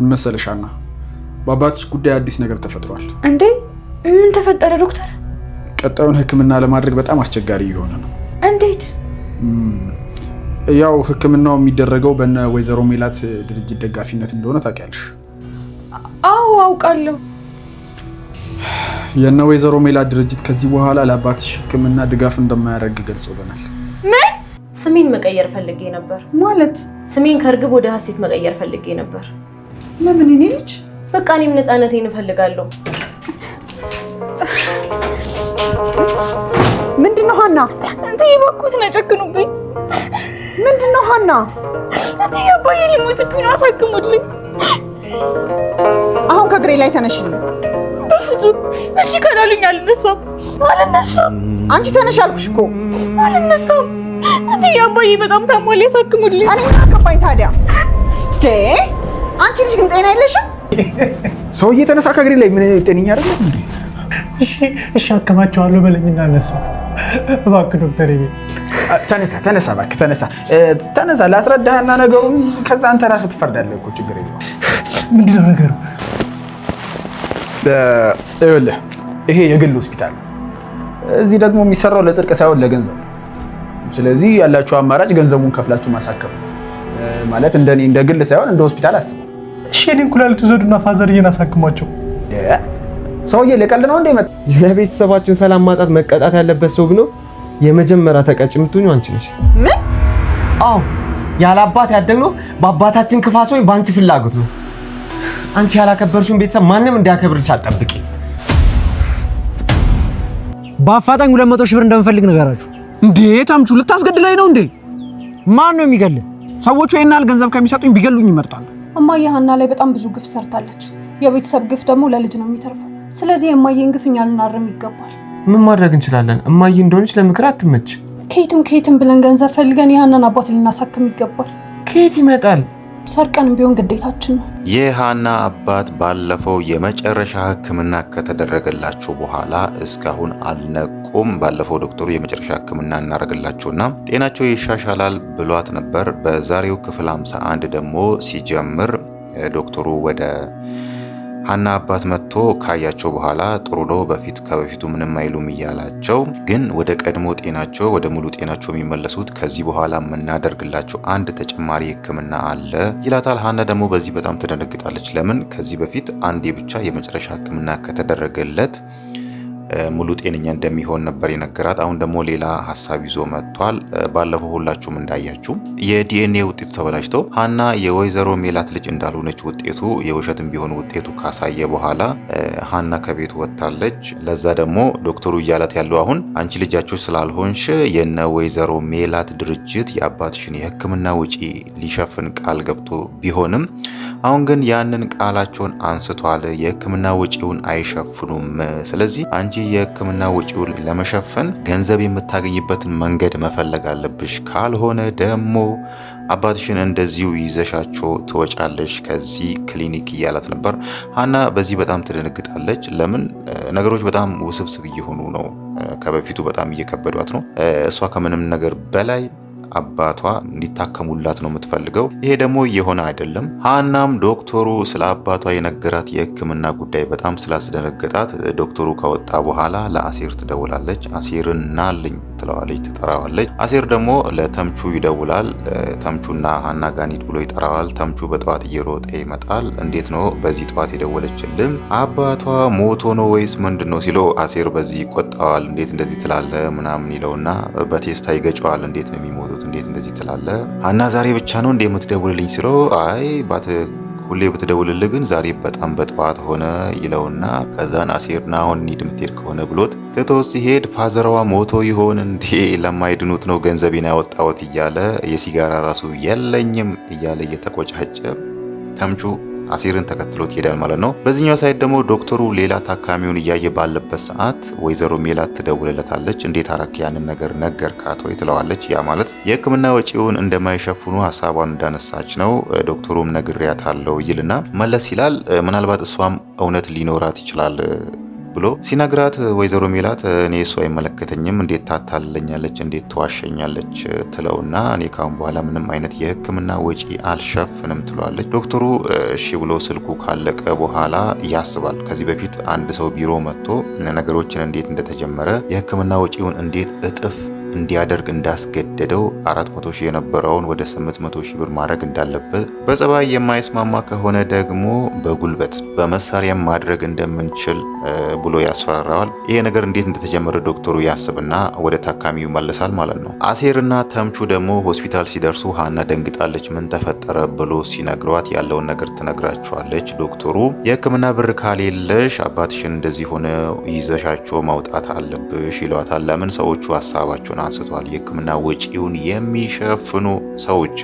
ምን መሰለሽ ሀና፣ በአባትሽ ጉዳይ አዲስ ነገር ተፈጥሯል። እንዴ? ምን ተፈጠረ ዶክተር? ቀጣዩን ህክምና ለማድረግ በጣም አስቸጋሪ እየሆነ ነው። እንዴት? ያው ህክምናው የሚደረገው በነ ወይዘሮ ሜላት ድርጅት ደጋፊነት እንደሆነ ታውቂያለሽ? አዎ አውቃለሁ። የነ ወይዘሮ ሜላት ድርጅት ከዚህ በኋላ ለአባትሽ ህክምና ድጋፍ እንደማያደርግ ገልጾልናል። ምን? ስሜን መቀየር ፈልጌ ነበር። ማለት ስሜን ከእርግብ ወደ ሀሴት መቀየር ፈልጌ ነበር ለምን እኔ ልጅ በቃ እኔም ነፃነቴን እፈልጋለሁ። ምንድን ነው ሀና? እትዬ እባክዎትን ነጨክኑብኝ። ምንድን ነው ሀና? እትዬ አባዬ ሊሞትብኝ ነው፣ አሳክሙልኝ። አሁን ከእግሬ ላይ ተነሽልኝ። በፍጹም እሺ ካላሉኝ አልነሳም፣ አልነሳም። አንቺ ተነሽ አልኩሽ እኮ። አልነሳም እትዬ፣ አባዬ በጣም ታሟል፣ ያሳክሙልኝ። እኔ ምን አገባኝ ታዲያ? አንቺ ልጅ ግን ጤና የለሽም። ሰው እየተነሳ ከእግሬ ላይ ምን ጤንኛ አደለ እንዴ? እሺ አከማቸዋለሁ በለኝና አነሳ። እባክህ ዶክተር ተነሳ፣ ተነሳ፣ እባክህ ተነሳ፣ ተነሳ። ላስረዳህና ነገሩን ከዛ አንተ ራስህ ትፈርዳለህ እኮ ችግር የለውም። ምንድነው ነገሩ? ይኸውልህ ይሄ የግል ሆስፒታል፣ እዚህ ደግሞ የሚሰራው ለጽድቅ ሳይሆን ለገንዘብ። ስለዚህ ያላችሁ አማራጭ ገንዘቡን ከፍላችሁ ማሳከም ማለት እንደኔ እንደ ግል ሳይሆን እንደ ሆስፒታል አስበው። እሺ የኔን ኩላሊት ዘዱና ፋዘርዬን አሳክሟቸው። ሰውዬ ለቀልድ ነው እንዴ? መጣ ለቤተሰባችን ሰላም ማጣት መቀጣት ያለበት ሰው ብሎ የመጀመሪያ ተቀጭ የምትሆኚው አንቺ ነሽ። ምን? አዎ ያለ አባት ያደግነው በአባታችን ክፋት ሲሆን በአንቺ ፍላጎት ነው። አንቺ ያላከበርሽውን ቤተሰብ ማንም እንዲያከብርልሽ አትጠብቂ። በአፋጣኝ ሁለት መቶ ሺህ ብር እንደምፈልግ ንገራችሁ። እንዴ ታምቹ ልታስገድለኝ ነው እንዴ? ማን ነው የሚገልህ? ሰዎቹ ይሄን ያህል ገንዘብ ከሚሰጡኝ ቢገሉኝ ይመርጣል። እማዬ ሀና ላይ በጣም ብዙ ግፍ ሰርታለች። የቤተሰብ ግፍ ደግሞ ለልጅ ነው የሚተርፈው። ስለዚህ የእማዬን ግፍ እኛ ልናርም ይገባል። ምን ማድረግ እንችላለን? እማዬ እንደሆነች ለምክር አትመች። ከየትም ከየትም ብለን ገንዘብ ፈልገን የሀናን አባት ልናሳክም ይገባል። ከየት ይመጣል? ሰርቀን ቢሆን ግዴታችን ነው። የሃና አባት ባለፈው የመጨረሻ ሕክምና ከተደረገላቸው በኋላ እስካሁን አልነቁም። ባለፈው ዶክተሩ የመጨረሻ ሕክምና እናደርግላቸውና ጤናቸው ይሻሻላል ብሏት ነበር። በዛሬው ክፍል 51 ደግሞ ሲጀምር ዶክተሩ ወደ ሀና አባት መጥቶ ካያቸው በኋላ ጥሩ ነው በፊት ከበፊቱ ምንም አይሉም እያላቸው ግን ወደ ቀድሞ ጤናቸው ወደ ሙሉ ጤናቸው የሚመለሱት ከዚህ በኋላ የምናደርግላቸው አንድ ተጨማሪ ሕክምና አለ ይላታል። ሀና ደግሞ በዚህ በጣም ትደነግጣለች። ለምን ከዚህ በፊት አንዴ ብቻ የመጨረሻ ሕክምና ከተደረገለት ሙሉ ጤነኛ እንደሚሆን ነበር የነገራት። አሁን ደግሞ ሌላ ሀሳብ ይዞ መጥቷል። ባለፈው ሁላችሁም እንዳያችሁ የዲኤንኤ ውጤቱ ተበላሽቶ ሀና የወይዘሮ ሜላት ልጅ እንዳልሆነች ውጤቱ የውሸትም ቢሆን ውጤቱ ካሳየ በኋላ ሀና ከቤት ወጥታለች። ለዛ ደግሞ ዶክተሩ እያላት ያለው አሁን አንቺ ልጃቸው ስላልሆንሽ የነ ወይዘሮ ሜላት ድርጅት የአባትሽን የሕክምና ውጪ ሊሸፍን ቃል ገብቶ ቢሆንም አሁን ግን ያንን ቃላቸውን አንስቷል። የሕክምና ውጪውን አይሸፍኑም። ስለዚህ አንቺ እንጂ የህክምና ወጪውን ለመሸፈን ገንዘብ የምታገኝበትን መንገድ መፈለግ አለብሽ። ካልሆነ ደግሞ አባትሽን እንደዚሁ ይዘሻቸው ትወጫለሽ ከዚህ ክሊኒክ እያላት ነበር። ሀና በዚህ በጣም ትደነግጣለች። ለምን ነገሮች በጣም ውስብስብ እየሆኑ ነው። ከበፊቱ በጣም እየከበዷት ነው። እሷ ከምንም ነገር በላይ አባቷ እንዲታከሙላት ነው የምትፈልገው። ይሄ ደግሞ እየሆነ አይደለም። ሀናም ዶክተሩ ስለ አባቷ የነገራት የህክምና ጉዳይ በጣም ስላስደነገጣት ዶክተሩ ከወጣ በኋላ ለአሴር ትደውላለች። አሴርን ናልኝ ትለዋለች፣ ትጠራዋለች። አሴር ደግሞ ለተምቹ ይደውላል። ተምቹና ሀና ጋኒድ ብሎ ይጠራዋል። ተምቹ በጠዋት እየሮጠ ይመጣል። እንዴት ነው በዚህ ጠዋት የደወለችልም? አባቷ ሞቶ ነው ወይስ ምንድን ነው ሲለው አሴር በዚህ ይቆጣዋል። እንዴት እንደዚህ ትላለ ምናምን ይለውና በቴስታ ይገጨዋል። እንዴት ነው የሚሞቱት? እንዴት እንደዚህ ትላለ? ሀና ዛሬ ብቻ ነው እንደ የምትደውልልኝ ሲለው አይ ባት ሁሌ ብትደውልልህ ግን ዛሬ በጣም በጠዋት ሆነ ይለውና ከዛን አሴርና አሁን ኒድ ከሆነ ብሎት ትቶ ሲሄድ ፋዘራዋ ሞቶ ይሆን እንዴ ለማይድኑት ነው ገንዘቤን ያወጣሁት እያለ የሲጋራ ራሱ የለኝም እያለ እየተቆጫጨ ተምቹ አሲርን ተከትሎት ይሄዳል ማለት ነው። በዚህኛው ሳይት ደግሞ ዶክተሩ ሌላ ታካሚውን እያየ ባለበት ሰዓት ወይዘሮ ሜላት ትደውልለታለች። እንዴት አረክ ያንን ነገር ነገር ካቶ ትለዋለች። ያ ማለት የህክምና ወጪውን እንደማይሸፍኑ ሀሳቧን እንዳነሳች ነው። ዶክተሩም ነግሬያታለሁ ይልና መለስ ይላል። ምናልባት እሷም እውነት ሊኖራት ይችላል ብሎ ሲነግራት ወይዘሮ ሜላት እኔ እሱ አይመለከተኝም፣ እንዴት ታታልለኛለች፣ እንዴት ትዋሸኛለች ትለውና እኔ ካሁን በኋላ ምንም አይነት የህክምና ወጪ አልሸፍንም ትለዋለች። ዶክተሩ እሺ ብሎ ስልኩ ካለቀ በኋላ ያስባል። ከዚህ በፊት አንድ ሰው ቢሮ መጥቶ ነገሮችን እንዴት እንደተጀመረ የህክምና ወጪውን እንዴት እጥፍ እንዲያደርግ እንዳስገደደው 400 ሺህ የነበረውን ወደ 800 ሺህ ብር ማድረግ እንዳለበት፣ በጸባይ የማይስማማ ከሆነ ደግሞ በጉልበት በመሳሪያ ማድረግ እንደምንችል ብሎ ያስፈራራዋል። ይሄ ነገር እንዴት እንደተጀመረ ዶክተሩ ያስብና ወደ ታካሚው ይመለሳል ማለት ነው። አሴርና ተምቹ ደግሞ ሆስፒታል ሲደርሱ ሀና ደንግጣለች። ምን ተፈጠረ ብሎ ሲነግሯት ያለውን ነገር ትነግራቸዋለች። ዶክተሩ የህክምና ብር ካሌለሽ አባትሽን እንደዚህ ሆነ ይዘሻቸው ማውጣት አለብሽ ይሏታል። ለምን ሰዎቹ ሀሳባቸውን አንስቷል። የህክምና ወጪውን የሚሸፍኑ ሰዎች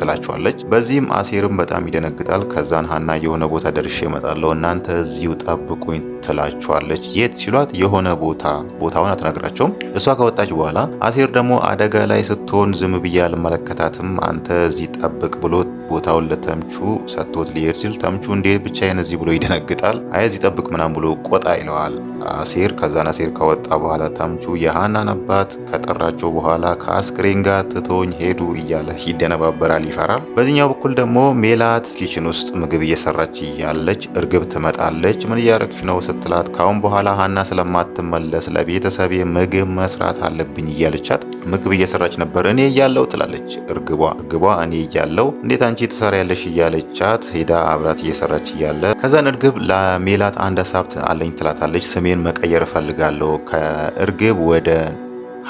ትላችኋለች። በዚህም አሴርም በጣም ይደነግጣል። ከዛን ሀና የሆነ ቦታ ደርሼ እመጣለሁ እናንተ እዚሁ ጠብቁኝ ትላችኋለች። የት ሲሏት የሆነ ቦታ ቦታውን አትነግራቸውም። እሷ ከወጣች በኋላ አሴር ደግሞ አደጋ ላይ ስትሆን ዝም ብዬ አልመለከታትም አንተ እዚህ ጠብቅ ብሎ ቦታውን ለተምቹ ሰጥቶት ሊሄድ ሲል ተምቹ እንዴ ብቻዬን እዚህ ብሎ ይደነግጣል። አይ እዚህ ጠብቅ ምናም ብሎ ቆጣ ይለዋል አሴር። ከዛን አሴር ከወጣ በኋላ ተምቹ የሃናን አባት ከጠራቸው በኋላ ከአስክሬን ጋር ትቶኝ ሄዱ እያለ ይደነባበራል፣ ይፈራል። በዚህኛው በኩል ደግሞ ሜላት ኪችን ውስጥ ምግብ እየሰራች እያለች እርግብ ትመጣለች። ምን እያረግሽ ነው ስትላት ካሁን በኋላ ሃና ስለማትመለስ ለቤተሰቤ ምግብ መስራት አለብኝ እያለቻት ምግብ እየሰራች ነበር። እኔ እያለው ትላለች እርግቧ እርግቧ እኔ እያለው እንዴት አንቺ ትሰሪያለሽ እያለቻት ሄዳ አብራት እየሰራች እያለ ከዛን እርግብ ለሜላት አንድ ሀሳብ አለኝ ትላታለች። ስሜን መቀየር እፈልጋለሁ ከእርግብ ወደ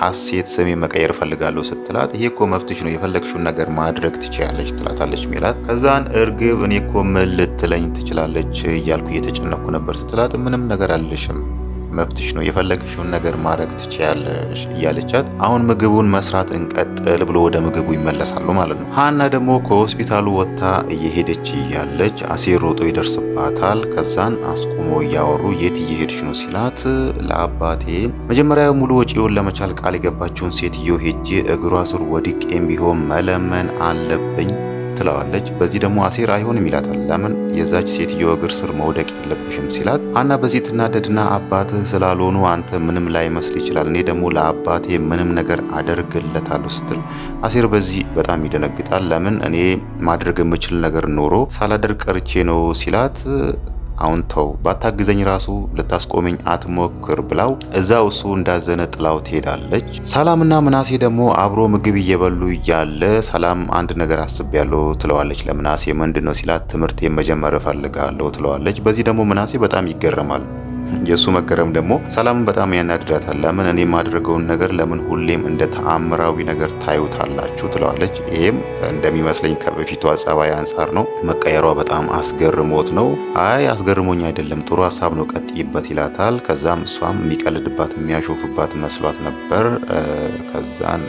ሀሴት ስሜ መቀየር እፈልጋለሁ ስትላት፣ ይሄ እኮ መብትሽ ነው የፈለግሽውን ነገር ማድረግ ትችያለች ትላታለች ሜላት። ከዛን እርግብ እኔ እኮ ምን ልትለኝ ትችላለች እያልኩ እየተጨነኩ ነበር ስትላት፣ ምንም ነገር አልልሽም መብትሽ ነው የፈለግሽውን ነገር ማድረግ ትችያለሽ እያለቻት አሁን ምግቡን መስራት እንቀጥል ብሎ ወደ ምግቡ ይመለሳሉ ማለት ነው። ሀና ደግሞ ከሆስፒታሉ ወጥታ እየሄደች እያለች አሴር ሮጦ ይደርስባታል። ከዛን አስቁሞ እያወሩ የት እየሄድሽ ነው ሲላት ለአባቴ መጀመሪያ ሙሉ ወጪውን ለመቻል ቃል የገባችውን ሴትዮ ሄጄ እግሯ ስር ወድቄም ቢሆን መለመን አለብኝ ትለዋለች። በዚህ ደግሞ አሴር አይሆንም ይላታል። ለምን የዛች ሴትዮ እግር ስር መውደቅ የለብሽም ሲላት ሀና በዚህ ትናደድና አባትህ ስላልሆኑ አንተ ምንም ላይመስል ይችላል፣ እኔ ደግሞ ለአባቴ ምንም ነገር አደርግለታለሁ ስትል አሴር በዚህ በጣም ይደነግጣል። ለምን እኔ ማድረግ የምችል ነገር ኖሮ ሳላደርግ ቀርቼ ነው ሲላት አሁን ተው ባታግዘኝ ራሱ ልታስቆመኝ አትሞክር ብላው እዛው እሱ እንዳዘነ ጥላው ትሄዳለች። ሰላምና ምናሴ ደግሞ አብሮ ምግብ እየበሉ እያለ ሰላም አንድ ነገር አስቤያለሁ ትለዋለች። ለምናሴ ምንድን ነው ሲላት ትምህርት የመጀመር እፈልጋለሁ ትለዋለች። በዚህ ደግሞ ምናሴ በጣም ይገረማል። የእሱ መገረም ደግሞ ሰላምን በጣም ያናድዳታል። ለምን እኔ የማደርገውን ነገር ለምን ሁሌም እንደ ተአምራዊ ነገር ታዩታላችሁ? ትለዋለች። ይህም እንደሚመስለኝ ከበፊቷ ጸባይ አንጻር ነው። መቀየሯ በጣም አስገርሞት ነው። አይ አስገርሞኝ አይደለም ጥሩ ሀሳብ ነው ቀጥይበት ይላታል። ከዛም እሷም የሚቀልድባት የሚያሾፍባት መስሏት ነበር። ከዛን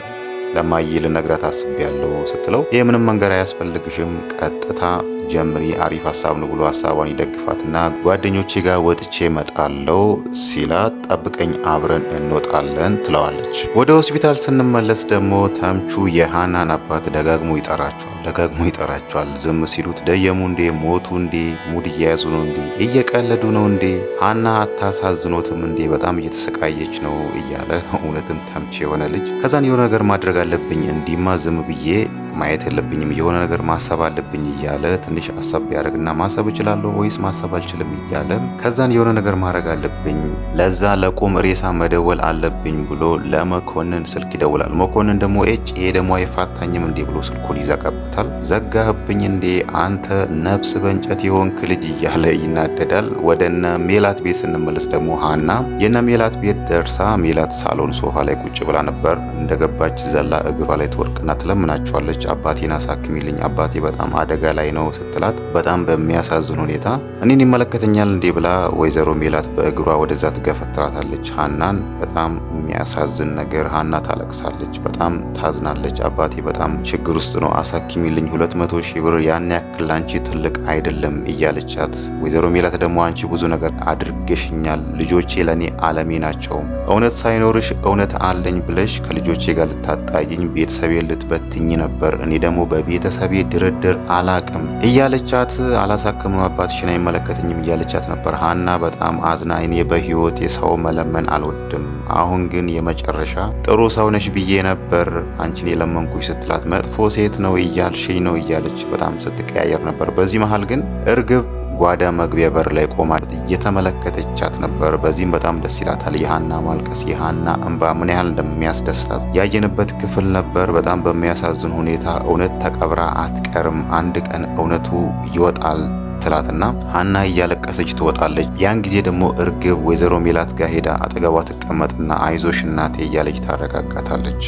ለማይል ነግራት አስቤያለሁ ስትለው ይህ ምንም መንገድ አያስፈልግሽም ቀጥታ ጀምሪ አሪፍ ሀሳብ ነው ብሎ ሀሳቧን ይደግፋትና ጓደኞቼ ጋር ወጥቼ መጣለው ሲላት ጠብቀኝ አብረን እንወጣለን ትለዋለች። ወደ ሆስፒታል ስንመለስ ደግሞ ተምቹ የሃናን አባት ደጋግሞ ይጠራቸዋል ደጋግሞ ይጠራቸዋል። ዝም ሲሉት ደየሙ እንዴ? ሞቱ እንዴ? ሙድ እየያዙ ነው እንዴ? እየቀለዱ ነው እንዴ? ሃና አታሳዝኖትም እንዴ? በጣም እየተሰቃየች ነው እያለ እውነትም ተምቼ የሆነ ልጅ ከዛን የሆነ ነገር ማድረግ አለብኝ እንዲማ ዝም ብዬ ማየት የለብኝም የሆነ ነገር ማሰብ አለብኝ እያለ ትንሽ አሰብ ቢያደርግና ማሰብ እችላለሁ ወይስ ማሰብ አልችልም እያለ ከዛን የሆነ ነገር ማድረግ አለብኝ ለዛ ለቁም ሬሳ መደወል አለብኝ ብሎ ለመኮንን ስልክ ይደውላል። መኮንን ደግሞ ኤጭ ይሄ ደግሞ አይፋታኝም እንዴ ብሎ ስልኩን ይዘጋበታል። ዘጋህብኝ እንዴ አንተ ነብስ በእንጨት የሆንክ ልጅ እያለ ይናደዳል። ወደነ ሜላት ቤት ስንመለስ ደግሞ ሀና የነ ሜላት ቤት ደርሳ ሜላት ሳሎን ሶፋ ላይ ቁጭ ብላ ነበር። እንደገባች ዘላ እግሯ ላይ ትወርቅና ትለምናቸዋለች። ሄዳለች። አባቴን አሳክሚልኝ፣ አባቴ በጣም አደጋ ላይ ነው ስትላት በጣም በሚያሳዝን ሁኔታ እኔን ይመለከተኛል እንዴ ብላ ወይዘሮ ሜላት በእግሯ ወደዛ ትገፈትራታለች ሀናን። በጣም የሚያሳዝን ነገር ሀና ታለቅሳለች፣ በጣም ታዝናለች። አባቴ በጣም ችግር ውስጥ ነው፣ አሳክሚልኝ፣ ሁለት መቶ ሺህ ብር ያን ያክል አንቺ ትልቅ አይደለም እያለቻት ወይዘሮ ሜላት ደግሞ አንቺ ብዙ ነገር አድርገሽኛል፣ ልጆቼ ለእኔ አለሜ ናቸውም እውነት ሳይኖርሽ እውነት አለኝ ብለሽ ከልጆቼ ጋር ልታጣይኝ ቤተሰቤ ልትበትኝ ነበር ነበር። እኔ ደግሞ በቤተሰቤ ድርድር አላቅም እያለቻት አላሳክምም፣ አባትሽን አይመለከተኝም እያለቻት ነበር። ሀና በጣም አዝና እኔ በህይወት የሰው መለመን አልወድም፣ አሁን ግን የመጨረሻ ጥሩ ሰው ነሽ ብዬ ነበር አንቺን የለመንኩሽ ስትላት መጥፎ ሴት ነው እያልሽኝ ነው እያለች በጣም ስትቀያየር ነበር። በዚህ መሀል ግን እርግብ ጓዳ መግቢያ በር ላይ ቆማ እየተመለከተቻት ነበር። በዚህም በጣም ደስ ይላታል። የሀና ማልቀስ፣ የሀና እንባ ምን ያህል እንደሚያስደስታት ያየንበት ክፍል ነበር። በጣም በሚያሳዝን ሁኔታ እውነት ተቀብራ አትቀርም፣ አንድ ቀን እውነቱ ይወጣል ትላትና ሀና እያለቀሰች ትወጣለች። ያን ጊዜ ደግሞ እርግብ ወይዘሮ ሜላት ጋር ሄዳ አጠገቧ ትቀመጥና አይዞሽ እናቴ እያለች ታረጋጋታለች።